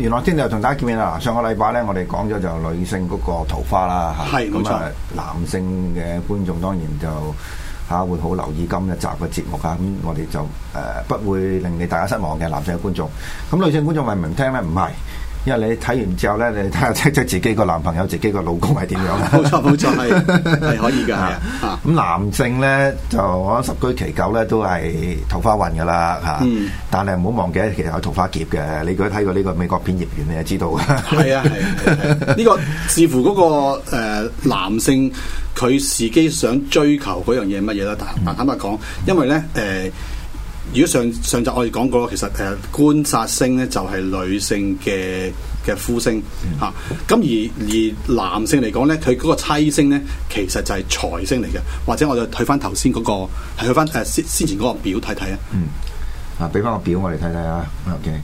原來聽日就同大家見面啦。上個禮拜咧，我哋講咗就女性嗰個桃花啦，咁啊男性嘅觀眾當然就嚇會好留意今日集嘅節目啊。咁我哋就誒唔會令你大家失望嘅男性嘅觀眾。咁女性觀眾係咪唔聽呢？唔係。因為你睇完之後咧，你睇下即即自己個男朋友、自己個老公係點樣。冇錯， 冇錯，係係可以噶吓咁、啊啊嗯、男性咧，就我覺得十居其九咧都係桃花運噶啦吓嗯、但係唔好忘記，其實有桃花劫嘅。你如果睇過呢個美國片《孽緣》，你就知道。係、 嗯、啊，係呢個視乎嗰、那個誒、呃、男性佢自己想追求嗰樣嘢乜嘢啦。但但坦白講，因為咧誒。呃嗯呃如果上上集我哋講過，其實誒，官煞星咧就係、是、女性嘅嘅夫星吓，咁、啊、而而男性嚟講咧，佢嗰個妻星咧，其實就係財星嚟嘅，或者我就去翻頭先嗰個，去翻誒、啊、先前嗰個表睇睇啊。嗯，啊，俾翻個表我哋睇睇啊。O、okay, K，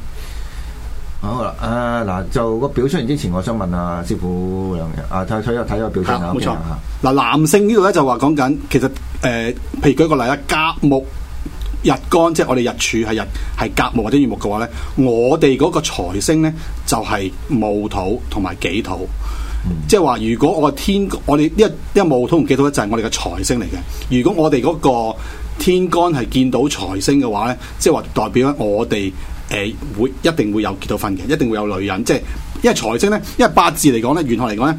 好啦，啊嗱，就個表出嚟之前，我想問阿、啊、師傅兩日，啊睇睇又睇個表先冇錯。嗱，男性呢度咧就話講緊，其實誒，譬、呃、如舉個例啊，甲木。日干即係我哋日柱係日係甲木或者乙木嘅話咧，我哋嗰個財星咧就係、是、戊土同埋己土，即係話如果我天我哋一因為戊土同己土就係，我哋嘅財星嚟嘅。如果我哋嗰個天干係見到財星嘅話咧，即係話代表我哋誒、呃、會一定會有結到婚嘅，一定會有女人，即係因為財星咧，因為八字嚟講咧，玄學嚟講咧。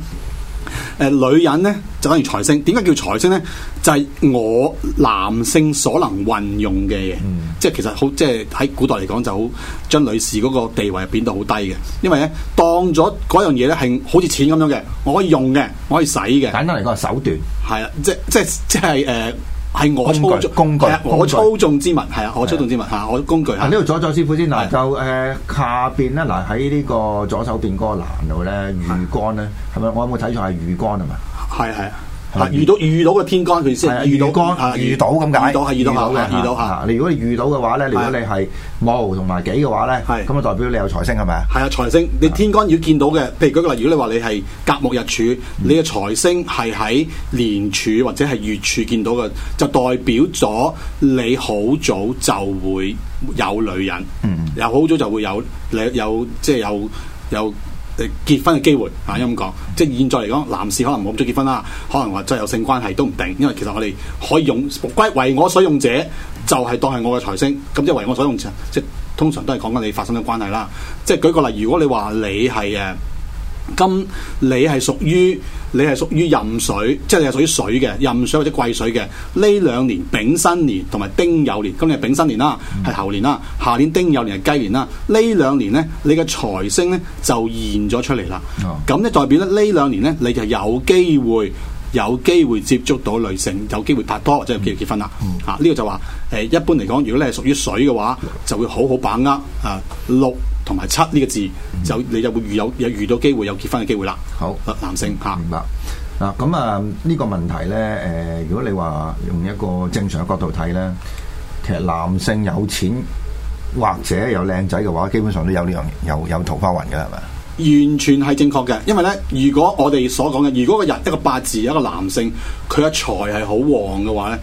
誒、呃，女人咧就等於財星，點解叫財星咧？就係、是、我男性所能運用嘅，嘢、嗯，即係其實好，即係喺古代嚟講就好，將女士嗰個地位變到好低嘅，因為咧當咗嗰樣嘢咧係好似錢咁樣嘅，我可以用嘅，我可以使嘅，簡單嚟講係手段，係啦，即係即係即係誒。呃係我操縱工具，我操縱之物，係啊具，我操縱之物，吓我工具，吓呢度左左師傅先嗱，就誒的下邊咧，嗱喺呢個左手邊嗰個欄度咧，魚竿咧，係咪的的？我有冇睇錯係魚竿啊？嘛，係係。啊！遇到遇到嘅天干，佢先遇到干，遇到咁解，遇到係遇到下遇到下。你如果你遇到嘅話咧，如果你係木同埋己嘅話咧，係咁啊，代表你有財星係咪啊？係啊，財星，你天干要見到嘅，譬如舉個例，如果你話你係甲木日柱，你嘅財星係喺年柱或者係月柱見到嘅，就代表咗你好早就會有女人，嗯，又好早就會有你有即係有有。結婚嘅機會啊，咁講即係現在嚟講，男士可能冇咁早結婚啦，可能話再有性關係都唔定，因為其實我哋可以用歸為我所用者，就係當係我嘅財星咁，即係為我所用者，即係通常都係講緊你發生嘅關係啦。即係舉個例，如果你話你係誒。啊咁你係屬於你係屬於壬水，即係你係屬於水嘅壬水或者癸水嘅。呢兩年丙申年同埋丁酉年，今年係丙申年啦，係猴、嗯、年啦，下年丁酉年係雞年啦。呢兩年呢，你嘅財星呢就現咗出嚟啦。咁咧、哦、代表咧呢兩年呢，你就有機會有機會接觸到女性，有機會拍拖或者有機會結婚啦。嚇呢個就話、是、誒、呃，一般嚟講，如果你係屬於水嘅話，就會好好把握啊六。同埋七呢個字，就你就會遇有有，有遇到機會有結婚嘅機會啦。好，男性吓。明白嗱，咁啊呢個問題呢，誒、呃，如果你話用一個正常嘅角度睇呢，其實男性有錢或者有靚仔嘅話，基本上都有呢樣有有桃花運嘅，啦，係咪？完全係正確嘅，因為呢，如果我哋所講嘅，如果個人一個八字一個男性，佢嘅財係好旺嘅話呢，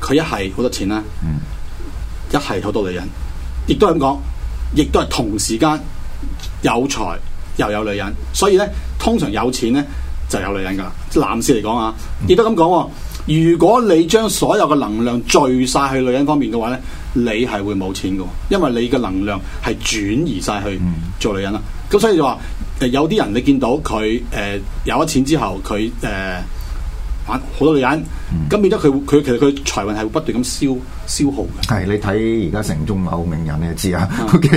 佢一係好多錢啦，嗯，一係好多女人，亦都係咁講。亦都係同時間有財又有女人，所以咧通常有錢咧就有女人噶啦，男士嚟講啊，亦都咁講喎。如果你將所有嘅能量聚晒去女人方面嘅話咧，你係會冇錢嘅，因為你嘅能量係轉移晒去做女人啦。咁、嗯、所以就話誒，有啲人你見到佢誒、呃、有咗錢之後，佢誒。呃好多女人，咁變咗佢，佢其實佢財運係會不斷咁消消耗嘅。係你睇而家城中某名人你就知啊，OK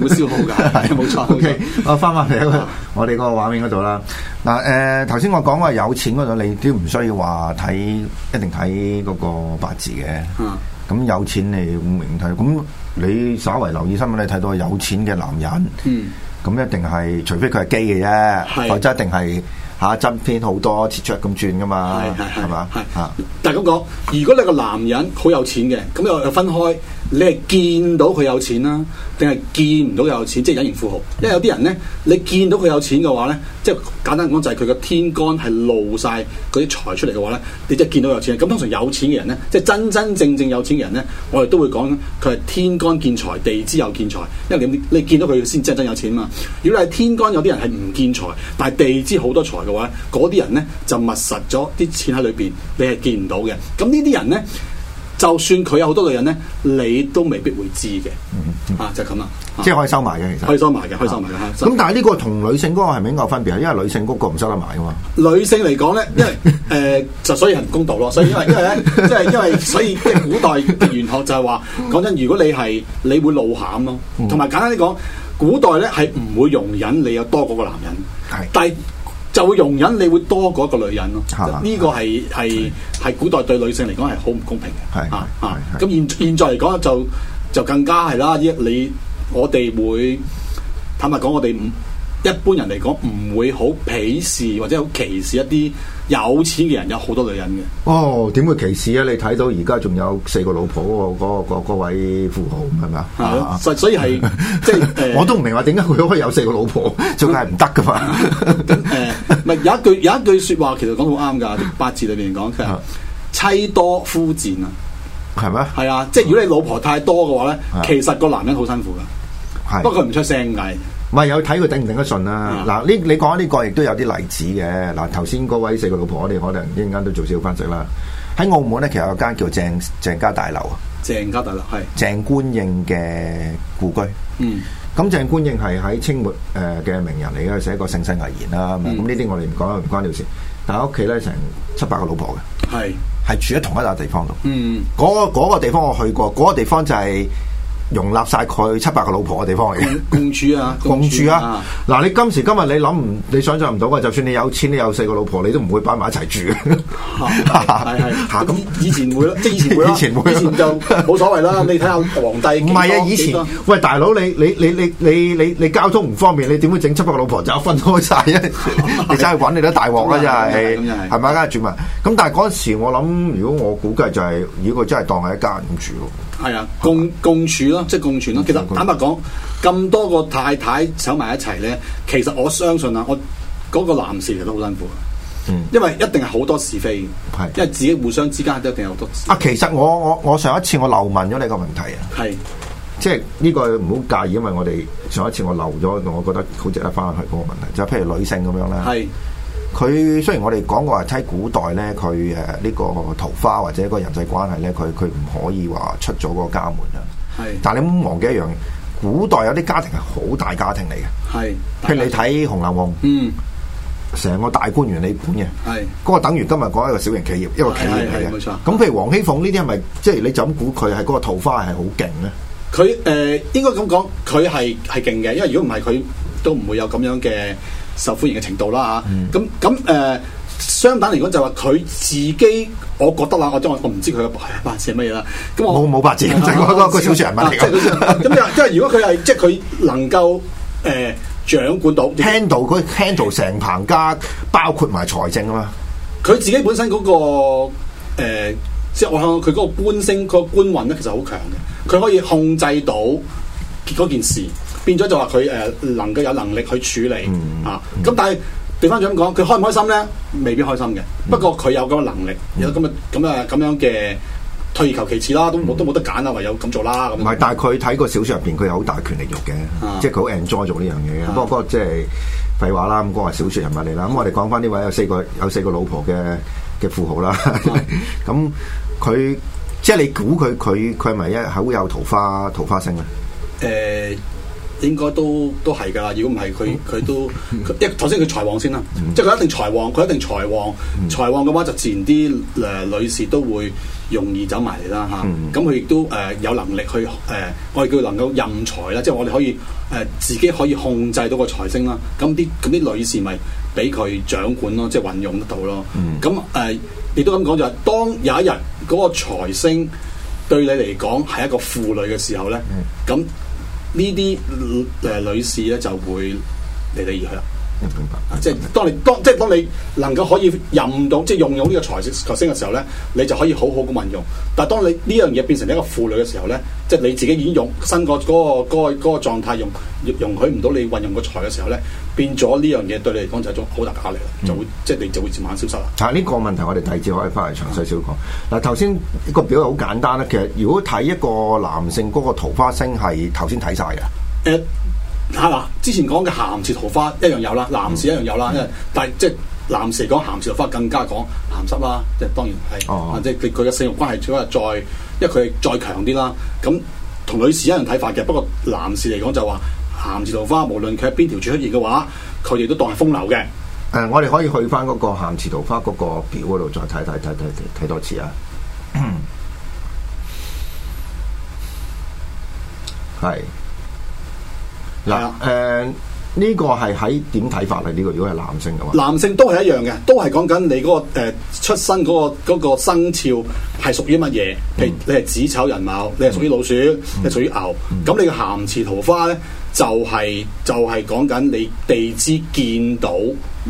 會消耗噶，係冇錯。OK 我翻翻嚟喺我哋個畫面嗰度啦。嗱，誒頭先我講話有錢嗰度，你都唔需要話睇一定睇嗰個八字嘅。嗯，咁有錢你唔明睇，咁你稍為留意新聞，你睇到有錢嘅男人，嗯，咁一定係除非佢係基嘅啫，或者一定係。吓、啊，真偏好多，切雀咁轉㗎嘛，係係係嘛，係嚇。但係咁講，如果你個男人好有錢嘅，咁又又分開。你係見到佢有錢啦、啊，定係見唔到有錢？即隱形富豪。因為有啲人呢，你見到佢有錢嘅話呢，即簡單講就係佢個天干係露晒嗰啲財出嚟嘅話呢，你真係見到有錢。咁通常有錢嘅人呢，即真真正正有錢嘅人呢，我哋都會講佢係天干見財，地支有見財。因為你你見到佢先真真有錢嘛。如果你係天干有啲人係唔見財，但係地支好多財嘅話，嗰啲人呢就密實咗啲錢喺裏邊，你係見唔到嘅。咁呢啲人呢。就算佢有好多女人咧，你都未必會知嘅，嗯嗯、啊，就係咁啦，即係可以收埋嘅，啊、其實可以收埋嘅、啊，可以收埋嘅。咁但係呢個同女性嗰個係咪應該有分別啊？因為女性嗰個唔收得埋噶嘛。女性嚟講咧，因為誒就、 呃、所以唔公道咯，所以因為因為咧，即係 因為所以即係古代玄學就係話，講真，如果你係你會露餡咯，同埋簡單啲講，古代咧係唔會容忍你有多過個男人，係、嗯，但就會容忍你會多過一個女人咯，呢個係係係古代對女性嚟講係好唔公平嘅，係啊，咁現現在嚟講就就更加係啦，一你我哋會坦白講，我哋唔。一般人嚟講唔會好鄙視或者好歧視一啲有錢嘅人，有好多女人嘅。哦，點會歧視啊？你睇到而家仲有四個老婆嗰、嗰個嗰個，位富豪咁係咪啊？所以所以係即係，我都唔明話點解佢可以有四個老婆，仲係唔得噶嘛？誒、 哎，唔係有一句有一句說話，其實講到啱噶，八字裏面講佢係妻多夫賤啊，係咩嗎？係啊，即係如果你老婆太多嘅話咧，的的其實個男人好辛苦噶的，不過佢唔出聲計。唔係有睇佢頂唔頂得順、啊嗯、啦。嗱，呢你講呢個亦都有啲例子嘅。嗱，頭先嗰位四個老婆，我哋可能一陣間都做少分析啦。喺澳門咧，其實有間叫鄭鄭家大樓啊。鄭家大樓係鄭觀應嘅故居。嗯。咁鄭觀應係喺清末誒嘅名人嚟嘅，寫過盛世危言啦、啊。咁呢啲我哋唔講，唔關你事。但係屋企咧，成七八個老婆嘅，係係是住喺同一笪地方度。嗯。嗰個地方我去過，嗰個地方就係、是。容納晒佢七八個老婆嘅地方嚟嘅，共住啊，共住啊！嗱，你今時今日你諗唔，你想象唔到啊。就算你有錢，你有四個老婆，你都唔會擺埋一齊住嘅。係係吓，咁以前會咯，即以前會以前就冇所謂啦。你睇下皇帝，唔係啊，以前喂大佬，你你你你你你你交通唔方便，你點會整七百個老婆就分開晒？你真係搵你都大鑊啦，真係，係咪？梗係住埋。咁但係嗰陣時，我諗如果我估計就係，如果佢真係當係一家人住咯。係啊，共共處咯，即係共存咯。其實坦白講，咁多個太太走埋一齊咧，其實我相信啊，我嗰個男士其實都好辛苦啊。嗯，因為一定係好多是非，係。因為自己互相之間都一定有好多。啊，其實我我我上一次我漏問咗你個問題啊，係即係呢個唔好介意，因為我哋上一次我漏咗，我覺得好值得翻去嗰個問題，就係譬如女性咁樣啦。係。佢雖然我哋講過睇古代咧，佢誒呢個桃花或者個人際關係咧，佢佢唔可以話出咗個家門啊。是但係你唔好忘記一樣，古代有啲家庭係好大家庭嚟嘅。係，譬如你睇《紅樓夢》，嗯，成個大官員你管嘅。係是，嗰個等於今日講一個小型企業，是一個企業嚟嘅。冇錯。咁譬如王熙鳳呢啲係咪，即係你就咁估佢係嗰個桃花係好勁咧？佢誒、呃，應該咁講，佢係係勁嘅，因為如果唔係，佢都唔會有咁樣嘅。受歡迎嘅程度啦嚇，咁咁誒，相反嚟講就話佢自己，我覺得啦，我我我唔知佢嘅八字係乜嘢啦，咁我冇冇八字，就係嗰個嗰個小說人物嚟嘅。咁又因為如果佢係即係佢能夠誒、呃、掌管到 handle handle 成棚家，包括埋財政啊嘛，佢自己本身嗰、嗰個即係、呃即係、我睇到佢嗰個官星、嗰、嗰個官運咧，其實好強嘅，佢可以控制到嗰件事。變咗就話佢誒，能夠有能力去處理啊。咁、嗯、但係，對翻嘴咁講，佢開唔開心咧？未必開心嘅。不過佢有咁嘅能力，有咁嘅咁啊咁樣嘅退而求其次啦，都冇都冇、嗯、得揀啊，唯有咁做啦。咁唔係，但係佢睇個小說入邊，佢有好大權力欲嘅，啊、即係佢好 enjoy 做呢樣嘢嘅。啊、不過即係廢話啦，咁個係小說人物嚟。啦咁我哋講翻呢位有四個有四個老婆嘅嘅富豪啦。咁佢 即係你估佢佢佢係咪一口有桃花桃花星咧？誒、啊。應該都都係噶，如果唔係佢佢都一首先佢財旺先啦，嗯、即係佢一定財旺，佢一定財旺，嗯、財旺嘅話就自然啲誒、呃、女士都會容易走埋嚟啦嚇。咁佢亦都誒有能力去誒、呃，我哋叫能夠任財啦，即係我哋可以誒、呃、自己可以控制到個財星啦。咁啲咁啲女士咪俾佢掌管咯，即、就、係、是、運用得到咯。咁誒、嗯，亦、呃、都咁講就係當有一日嗰個財星對你嚟講係一個負累嘅時候咧，咁、嗯。嗯呢啲誒女士咧就會離你而去啦。明白，明白啊！即係當你當即係當你能夠可以任到即係用到呢個財星、財星嘅時候咧，你就可以好好咁運用。但係當你呢樣嘢變成一個負累嘅時候咧，即係你自己已經用身嗰嗰個、嗰個、嗰個狀態用容許唔到你運用個財嘅時候咧，變咗呢樣嘢對你嚟講就係一種好大嘅壓力，就會、嗯、就會即係你就會慢慢消失啦。啊，呢、呢個問題我哋下次可以翻嚟詳細少講。嗱、嗯，頭先、啊、個表好簡單啦。其實如果睇一個男性嗰個桃花星係頭先睇晒嘅。呃吓嗱，嗯嗯、之前講嘅咸池桃花一樣有啦，男士一樣有啦，因為但係即係男士嚟講咸池桃花更加講咸濕啦，即、就、係、是、當然係，即係佢嘅性慾關係今日再，因為佢係再強啲啦。咁同女士一樣睇法嘅，不過男士嚟講就話咸池桃花無論佢喺邊條柱出現嘅話，佢哋都當係風流嘅。誒、嗯，我哋可以去翻嗰個咸池桃花嗰個表嗰度再睇睇睇睇睇睇多次啊。係。嗱，誒呢、呃這個係喺點睇法啊？呢個如果係男性嘅話，男性都係一樣嘅，都係講緊你嗰、那個、呃、出生嗰、那個那個生肖係屬於乜嘢？嗯、譬如你係子丑寅卯，你係屬於老鼠，嗯、你屬於牛。咁、嗯嗯、你嘅咸池桃花咧，就係、是、就係講緊你地支見到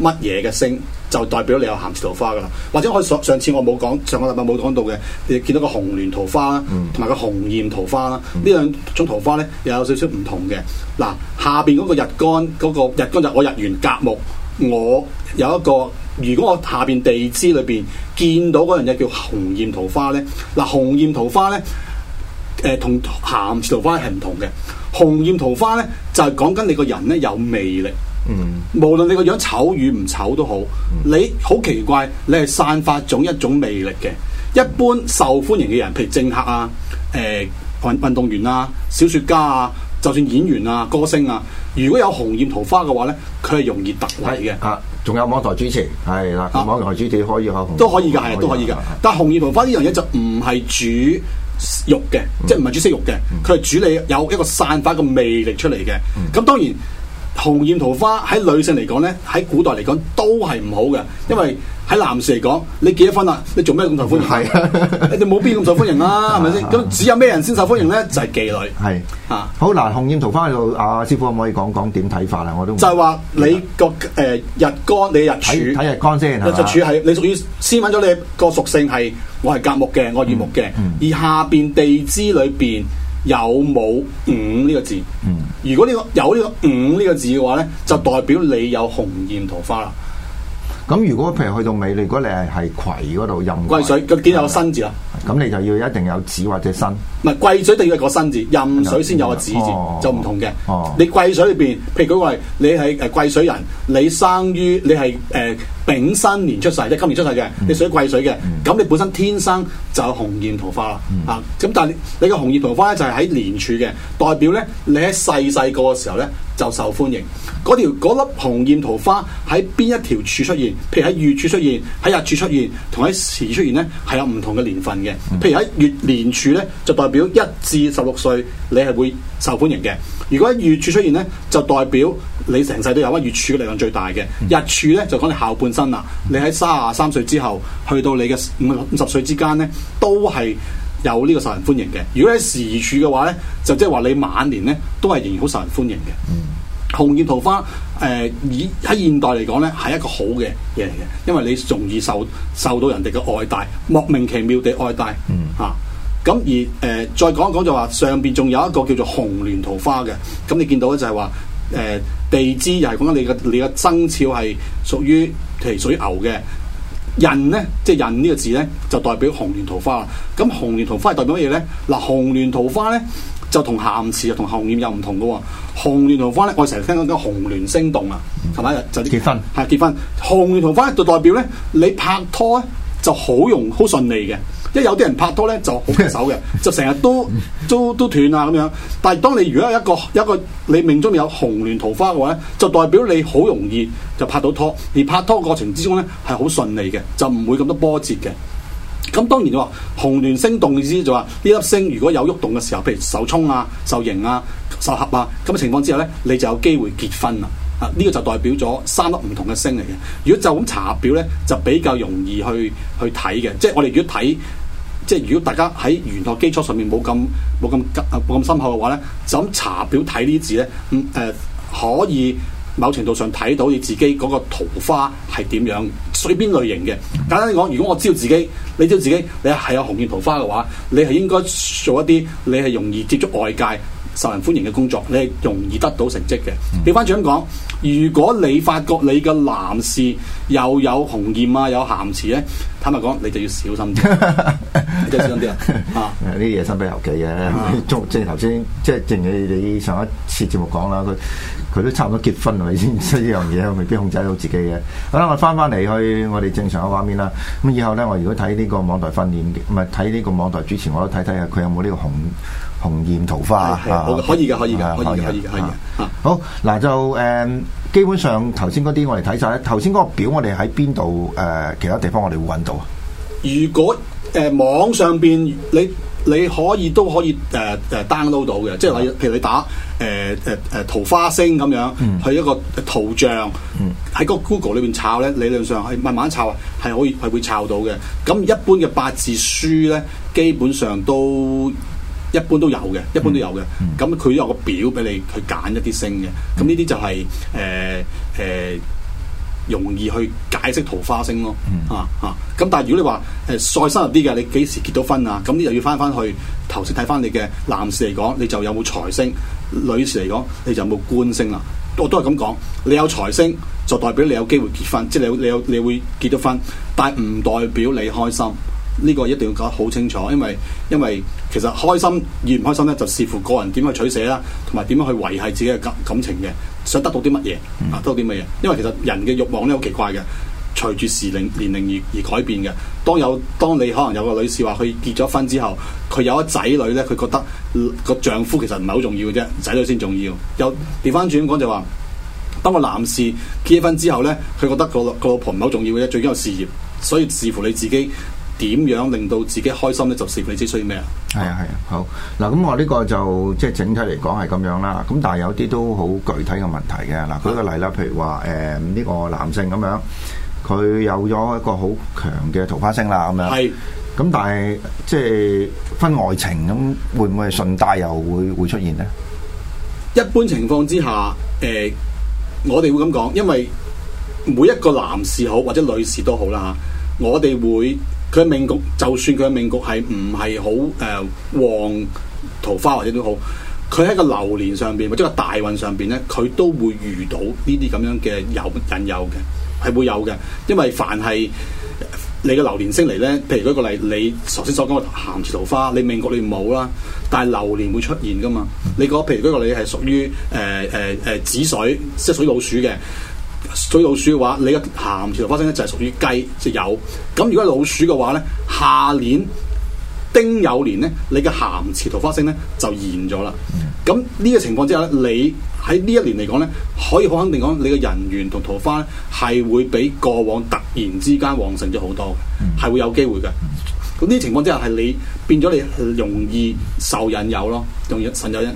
乜嘢嘅星。就代表你有咸池桃花噶啦，或者我上，上次我冇講，上個禮拜冇講到嘅，你見到個紅鸞桃花啦，同埋個紅艷桃花啦，呢、mm. 兩種桃花咧又有少少唔同嘅。嗱，下邊嗰個日干嗰、那個日干就我日元甲木，我有一個，如果我下邊地支裏邊見到嗰樣嘢叫紅艷桃花咧，嗱，紅艷桃花咧，誒同咸池桃花係唔同嘅。紅艷桃花咧、呃、就係講緊你個人咧有魅力。嗯，無論你個樣醜與唔醜都好，你好奇怪，你係散發種一種魅力嘅。一般受歡迎嘅人，譬如政客啊、誒運運動員啊、小說家啊，就算演員啊、歌星啊，如果有紅艷桃花嘅話咧，佢係容易突立嘅。啊，仲有網台主持係啦，啊，網台主持可以可都可以噶，係都可以噶。但係紅艷桃花呢樣嘢就唔係主肉嘅，即係唔係主色肉嘅，佢係主你有一個散發嘅魅力出嚟嘅。咁當然。紅艷桃花喺女性嚟講咧，喺古代嚟講都係唔好嘅，因為喺男士嚟講，你結咗婚啦，你做咩咁受歡迎、啊？係， 你冇必要咁受歡迎啦、啊，係咪先？咁只有咩人先受歡迎咧？就係、是、妓女。係是啊，好嗱，紅艷桃花，喺、啊、度，阿師傅可唔可以講講點睇法啊？我都就係話你個誒日干的，你日柱，睇日干先是是。日柱係你屬於私隱咗你個屬性係，我係甲木嘅，我係乙木嘅，而下邊地支裏邊。有冇五呢、這個字？如果呢、這個有呢、這個五呢、這個字嘅話咧，就代表你有紅艷桃花啦。咁、嗯、如果譬如去到尾，如果你係係葵嗰度任，貴水究竟有個新字啊？咁你就要一定有子或者身，唔係貴水就要個身字，壬水先有個子字，的哦、就唔同嘅。哦、你貴水裏邊，譬如舉個例你係誒貴水人，你生於你係誒、呃、丙申年出世，即係今年出世嘅，嗯、你屬於貴水嘅，咁、嗯、你本身天生就有紅艷桃花啦。嚇、嗯，咁、啊、但係你個紅艷桃花咧就係喺年柱嘅，代表咧你喺細細個嘅時候咧就受歡迎。嗰條嗰粒紅艷桃花喺邊一條柱出現？譬如喺月柱出現，喺日柱出現，同喺時出現咧係有唔同嘅年份嘅。譬、嗯、如喺月年柱咧，就代表一至十六歲你係會受歡迎嘅；如果喺月柱出現咧，就代表你成世都有啦。月柱嘅力量最大嘅，嗯、日柱咧就講你下半生啦。你喺三十三歲之後，去到你嘅五五十歲之間咧，都係有呢個受人歡迎嘅。如果喺時柱嘅話咧，就即係話你晚年咧都係仍然好受人歡迎嘅。嗯紅艷桃花，誒、呃，以喺現代嚟講咧，係一個好嘅嘢嚟嘅，因為你容易受受到人哋嘅愛戴，莫名其妙地愛戴，嗯，吓、啊，咁而誒、呃，再講一講就話上邊仲有一個叫做紅鸞桃花嘅，咁你見到咧就係話，誒、呃，地支又係講緊你嘅你嘅生肖係屬於係屬於牛嘅，人咧，即係人呢個字咧，就代表紅鸞桃花啦，咁紅鸞桃花係代表乜嘢咧？嗱、呃，紅鸞桃花咧。就下下下同咸池又同紅艷又唔同嘅喎，紅鸞桃花咧，我成日聽講叫紅鸞星動啊，係咪、嗯、就啲、是、結婚係結婚，紅鸞桃花就代表咧，你拍拖咧就好容好順利嘅。因為有啲人拍拖咧就好棘手嘅，就成日都 都都斷啊咁樣。但係當你如果有一個有一個你命中有紅鸞桃花嘅話咧，就代表你好容易就拍到拖，而拍拖過程之中咧係好順利嘅，就唔會咁多波折嘅。咁當然喎，紅鸞星動意思就話呢粒星如果有喐動嘅時候，譬如受衝啊、受刑啊、受合啊咁嘅情況之下咧，你就有機會結婚啦。啊，呢、這個就代表咗三粒唔同嘅星嚟嘅。如果就咁查表咧，就比較容易去去睇嘅。即係我哋如果睇，即係如果大家喺玄學基礎上面冇咁冇咁冇咁深厚嘅話咧，就咁查表睇呢啲字咧，咁、嗯、誒、呃、可以。某程度上睇到你自己嗰個桃花係點樣，屬於邊類型嘅？簡單嚟講，如果我知道自己，你知道自己你係有紅艷桃花嘅話，你係應該做一啲你係容易接觸外界、受人歡迎嘅工作，你係容易得到成績嘅。你翻轉講，如果你發覺你嘅男士又有紅艷啊，有咸池咧。坦白講，你就要小心啲，即係 小心啲啊！啊，呢啲嘢身不由己嘅，即正頭先即係正如你哋上一次節目講啦，佢佢都差唔多結婚啦，你知呢樣嘢，未必控制到自己嘅。好啦，我翻翻嚟去我哋正常嘅畫面啦。咁以後咧，我如果睇呢個網台訓練，唔係睇呢個網台主持，我都睇睇下佢有冇呢個紅紅豔桃花啊？可以嘅，可以嘅，可以嘅，可以嘅，係好，嗱就誒。基本上，頭先嗰啲我哋睇晒咧。頭先嗰個表我哋喺邊度？誒、呃，其他地方我哋會揾到。如果誒、呃、網上邊你你可以都可以誒誒、呃呃、download 到嘅，即係例如譬如你打誒誒誒桃花星咁樣，去一個圖像喺、嗯、個 Google 裏邊炒咧，嗯、理論上係慢慢炒係可以係會炒到嘅。咁一般嘅八字書咧，基本上都。一般都有嘅，一般都有嘅。咁佢、嗯嗯、有個表俾你去揀一啲星嘅。咁呢啲就係誒誒容易去解釋桃花星咯。啊、嗯、啊！咁但係如果你話誒再深入啲嘅，你幾時結到婚啊？咁你又要翻翻去頭先睇翻你嘅男士嚟講，你就有冇財星；女士嚟講，你就有冇官星啦、啊。我都係咁講，你有財星就代表你有機會結婚，即係你你有，你，有你會結到婚，但係唔代表你開心。呢個一定要搞好清楚，因為因為其實開心與唔開心咧，就視乎個人點樣取捨啦，同埋點樣去維係自己嘅感感情嘅，想得到啲乜嘢啊？得到啲乜嘢？因為其實人嘅欲望咧好奇怪嘅，隨住時令年齡而而改變嘅。當有當你可能有個女士話佢結咗婚之後，佢有一仔女咧，佢覺得個丈夫其實唔係好重要嘅啫，仔女先重要。又調翻轉咁講就話，當個男士結咗婚之後咧，佢覺得個個老婆唔係好重要嘅啫，最緊要事業。所以視乎你自己。點樣令到自己開心呢？就社會只需要咩啊？係啊，係啊，好嗱。咁我呢個就即係整體嚟講係咁樣啦。咁但係有啲都好具體嘅問題嘅嗱。舉個例啦，譬如話誒呢個男性咁樣，佢有咗一個好強嘅桃花星啦，咁樣係咁，但係即係婚外情咁，會唔會係順帶又會會出現呢？一般情況之下，誒我哋會咁講，因為每一個男士好或者女士都好啦。嚇，我哋會。佢嘅命局就算佢嘅命局係唔係好誒旺桃花或者都好，佢喺個流年上邊或者個大運上邊咧，佢都會遇到呢啲咁樣嘅有引誘嘅，係會有嘅，因為凡係你嘅流年升嚟咧，譬如舉個例，你頭先所講嘅咸池桃花，你命局你冇啦，但係流年會出現噶嘛？你嗰譬如舉個例係屬於誒誒誒子水，即係屬於老鼠嘅。水老鼠嘅話，你嘅咸池桃花星咧就係屬於雞即、就是、有。咁如果老鼠嘅話咧，下年丁酉年咧，你嘅咸池桃花星咧就現咗啦。咁呢個情況之下咧，你喺呢一年嚟講咧，可以好肯定講，你嘅人緣同桃花咧係會比過往突然之間旺盛咗好多嘅，係、嗯、會有機會嘅。咁呢啲情況之下係你變咗你容易受引誘咯，容易受引誘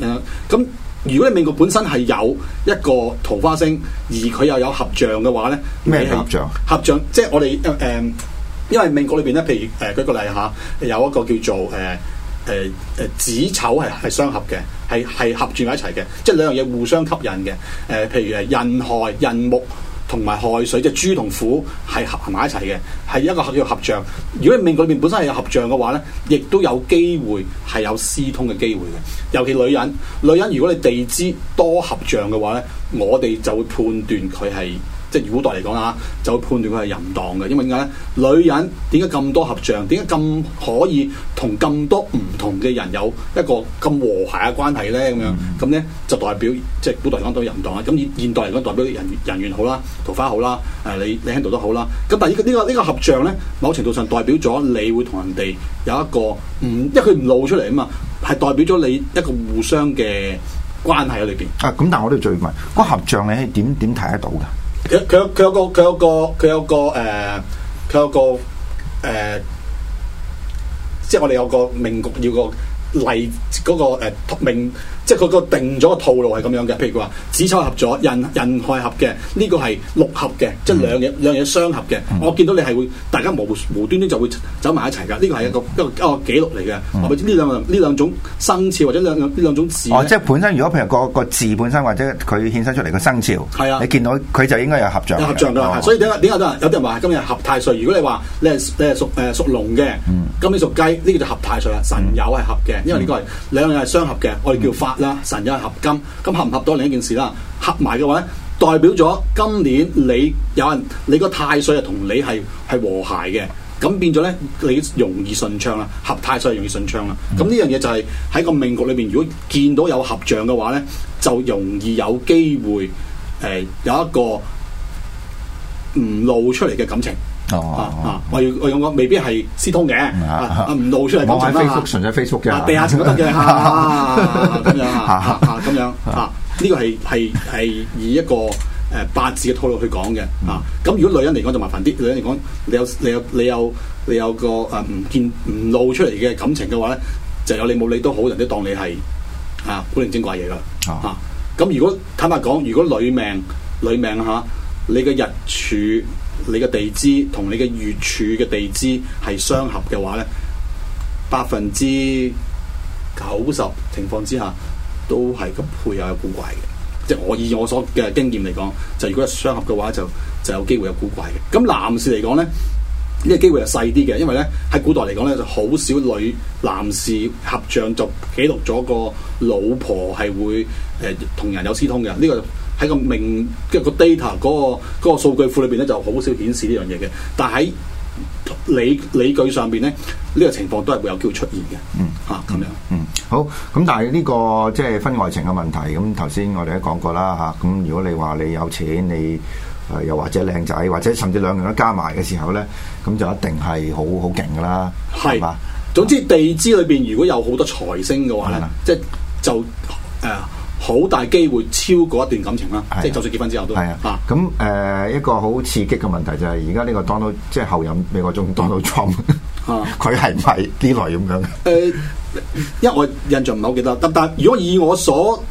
咁。如果你命局本身係有一個桃花星，而佢又有合象嘅話咧，咩係合象？合象即係我哋誒、呃，因為命局裏邊咧，譬如誒、呃、舉個例吓，有一個叫做誒誒誒子丑係係相合嘅，係係合住埋一齊嘅，即係兩樣嘢互相吸引嘅。誒、呃、譬如誒寅亥寅木。同埋亥水即係豬同虎係合埋一齊嘅，係一個叫合象。如果你命局裏面本身係有合象嘅話咧，亦都有機會係有私通嘅機會嘅。尤其女人，女人如果你地支多合象嘅話咧，我哋就會判斷佢係。即係古代嚟講啊，就會判斷佢係淫蕩嘅，因為點解咧？女人點解咁多合像？點解咁可以同咁多唔同嘅人有一個咁和諧嘅關係咧？咁樣咁咧就代表即係古代嚟講都淫蕩啊！咁現現代嚟講，代表人人緣好啦，桃花好啦，誒你你喺度都好啦。咁但係呢個呢個呢個合像咧，某程度上代表咗你會同人哋有一個唔，因為佢唔露出嚟啊嘛，係代表咗你一個互相嘅關係喺裏邊。啊，咁但係我都要再問，嗰個合像你係點點睇得到嘅？佢佢有佢有個，佢有個，佢、呃、有個誒佢有個誒，即係我哋有個命局要個例嗰、這個誒命。呃即係佢個定咗個套路係咁樣嘅，譬如話子丑合咗，寅寅亥合嘅，呢、這個係六合嘅，即係兩嘢兩樣嘢相合嘅。嗯、我見到你係會大家無無端端就會走埋一齊㗎，呢、這個係一個一個哦記錄嚟嘅。呢兩呢兩種生肖或者兩呢兩種字、哦、即係本身如果譬如，譬如，譬如個，個字本身或者佢衍生出嚟個生肖係啊，嗯、你見到佢就應該有合象、嗯、合象㗎，哦、所以點解點解都有啲人話今日合太歲。如果你話你係你係屬誒屬龍嘅，今年屬雞，呢個就合太歲啦。辰酉係合嘅，因為呢個係兩樣係相合嘅，我哋叫化。啦，辰酉合金，咁合唔合到另一件事啦。合埋嘅話咧，代表咗今年你有人，你個太歲啊同你係係和諧嘅，咁變咗咧你容易順暢啦，合太歲容易順暢啦。咁呢樣嘢就係喺個命局裏邊，如果見到有合象嘅話咧，就容易有機會誒、呃、有一個唔露出嚟嘅感情。哦，啊，我我用個未必係私通嘅。唔露出嚟點樣啊？我喺純粹 Facebook 嘅。地下情都得嘅，咁樣，吓咁樣，吓呢個係係係以一個誒八字嘅套路去講嘅，啊，咁如果女人嚟講就麻煩啲，女人嚟講你有你有你有你有個誒唔見唔露出嚟嘅感情嘅話咧，就有你冇你都好，人都當你係啊古靈精怪嘢啦，吓咁如果坦白講，如果女命女命吓你嘅日柱。你嘅地支同你嘅月柱嘅地支係相合嘅話咧，百分之九十情況之下都係個配偶有古怪嘅。即係我以我所嘅經驗嚟講，就如果係相合嘅話，就就有機會有古怪嘅。咁男士嚟講咧，呢、呢個機會係細啲嘅，因為咧喺古代嚟講咧，就好少女男士合像就記錄咗個老婆係會誒、呃、同人有私通嘅呢、呢個。喺個名一、嗰個 data 嗰個嗰個數據庫裏邊咧，就好少顯示呢樣嘢嘅。但喺理理據上邊咧，呢、這個情況都係會有機會出現嘅。嗯，嚇咁、啊、樣。嗯，好。咁但係呢、這個即係婚外情嘅問題。咁頭先我哋都講過啦，嚇、啊。咁如果你話你有錢，你、呃、又或者靚仔，或者甚至兩樣都加埋嘅時候咧，咁就一定係好好勁噶啦，係嘛是？吧總之地支裏邊如果有好多財星嘅話咧，即、嗯、就誒。呃好大機會超過一段感情啦，的即係就算結婚之後都係的啊！咁誒、呃、一個好刺激嘅問題就係，而家呢個 Donald，即係後任美國總統 Donald Trump 佢係唔係啲來咁樣？誒、呃，因為我印象唔係好記得。咁但如果以我所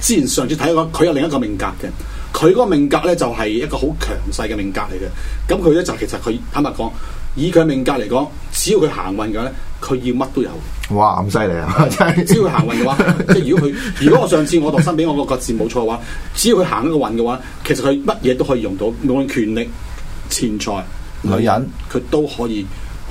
之前上次睇過，佢有另一個命格嘅，佢嗰個命格咧就係一個好強勢嘅命格嚟嘅。咁佢咧就其實佢坦白講，以佢命格嚟講，只要佢行運嘅。佢要乜都有，哇，咁犀利啊！只要佢行運嘅話， 即係如果佢，如果我上次我度身俾我個格字冇錯嘅話，只要佢行一個運嘅話，其實佢乜嘢都可以用到，無論權力、錢財、女人，佢都可以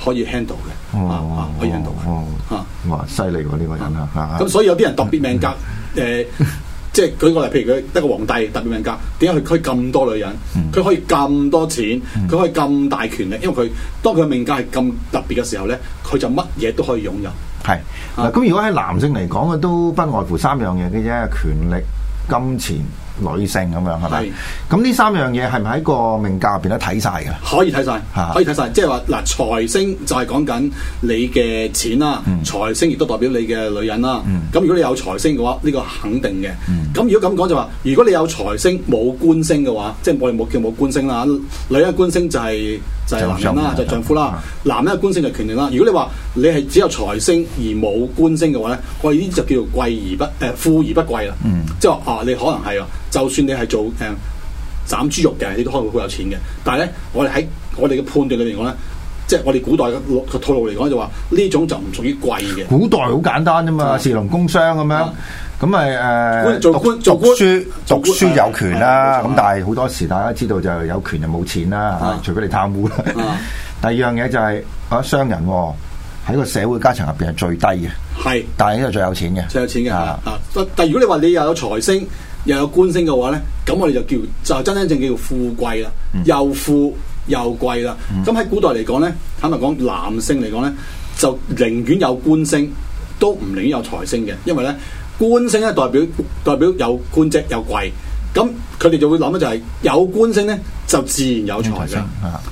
可以 handle 嘅，哦、啊可以 handle 嘅，嚇、哦哦、哇犀利喎呢個人，嚇、啊！咁、啊、所以有啲人特別命格誒。 呃 即係舉個例，譬如佢得個皇帝特別命格，點解佢佢可以咁多女人？佢、嗯、可以咁多錢，佢、嗯、可以咁大權力，因為佢當佢命格係咁特別嘅時候咧，佢就乜嘢都可以擁有。係嗱，咁如果喺男性嚟講嘅，都不外乎三樣嘢嘅啫，權力、金錢。女性咁樣係咪？係咁呢三樣嘢係咪喺個命格入邊都睇晒噶？可以睇晒，可以睇晒。即係話嗱，財星就係講緊你嘅錢啦，財星、嗯、亦都代表你嘅女人啦。咁、嗯、如果你有財星嘅話呢、這個肯定嘅。咁、嗯、如果咁講就話，如果你有財星冇官星嘅話，即係我哋冇叫冇官星啦。女人官星就係、是、就是、男人啦，就，像就丈夫啦。嗯、男人嘅官星就權力啦。如果你話你係只有財星而冇官星嘅話咧，我哋呢啲就叫做貴而不誒、啊、富而不貴啦。即係話啊，你可能係啊。就算你係做誒斬豬肉嘅，你都可能會好有錢嘅。但係咧，我哋喺我哋嘅判斷裏面講咧，即係我哋古代嘅套路嚟講就話呢種就唔屬於貴嘅。古代好簡單啫嘛，士農工商咁樣，咁誒誒，做官做官讀書讀書有權啦。咁但係好多時大家知道就係有權就冇錢啦，除非你貪污啦。第二樣嘢就係啊，商人喺個社會階層入邊係最低嘅，係，但係呢個最有錢嘅，最有錢嘅吓。啊，但係如果你話你又有財星。又有官星嘅話咧，咁我哋就叫就真真正正叫富貴啦、嗯，又富又貴啦。咁喺、嗯、古代嚟講咧，坦白講，男性嚟講咧，就寧願有官星，都唔寧願有財星嘅，因為咧官星咧代表代表有官職有貴，咁佢哋就會諗咧就係、是、有官星咧就自然有財嘅。財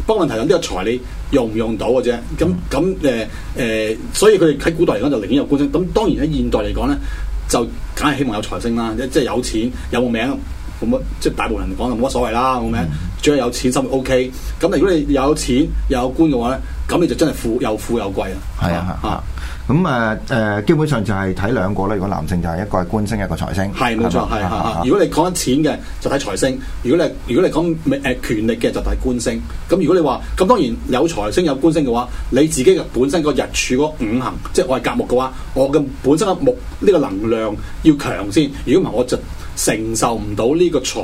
不過問題係呢個財你用唔用到嘅啫。咁咁誒誒，所以佢哋喺古代嚟講就寧願有官星。咁當然喺現代嚟講咧。就梗係希望有財星啦，即即係有錢有冇名冇乜，即係大部分人講就冇乜所謂啦，冇名最緊要有錢心 O K，咁如果你有錢又有官嘅話咧，咁你就真係富又富又貴啦。係啊，嚇、啊。啊啊咁誒誒，基本上就係睇兩個啦。如果男性就係一個係官星，一個財星。係冇錯，係係。如果你講緊錢嘅，就睇財星；如果你如果你講誒權力嘅，就睇官星。咁如果你話咁，當然有財星有官星嘅話，你自己嘅本身個日柱嗰五行，即係我係甲木嘅話，我嘅本身個木呢個能量要強先。如果唔係，我就承受唔到呢個財。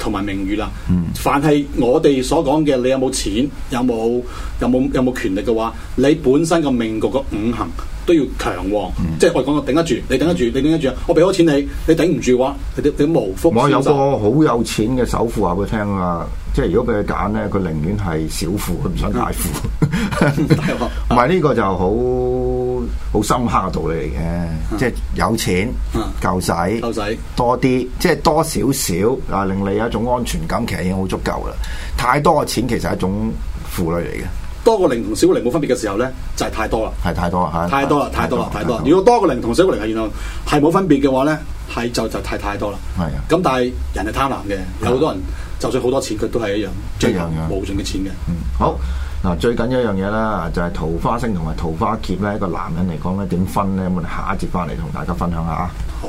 同埋名譽啦，凡係我哋所講嘅，你有冇錢，有冇有冇有冇權力嘅話，你本身個命局個五行都要強旺，嗯、即係我哋講個頂得住，你頂得住，嗯、你頂得住。我俾咗錢你，你頂唔住嘅、啊、話，你你無福消受。我有個好有錢嘅首富話俾我聽啊！即係如果俾佢揀咧，佢寧願係小富，佢唔想大富。唔係，呢個就好好深刻嘅道理嚟嘅。 即係有錢、夠使、夠使多啲，即係多少少啊，令你有一種安全感，其實已經好足夠啦。太多嘅錢其實係一種負累嚟嘅。多個零同少個零冇分別嘅時候咧，就係太多啦，係太多啦，太多啦，太多啦，太多啦！如果多個零同少個零係原來係冇分別嘅話咧，係就就太太多啦。係啊，咁但係人係貪婪嘅，有好多人就算好多錢，佢都係一樣一樣嘅冇盡嘅錢嘅、啊。嗯，好嗱、嗯啊，最緊要一樣嘢啦，就係桃花星同埋桃花劫咧，一個男人嚟講咧，點分咧？我哋下一節翻嚟同大家分享下啊。好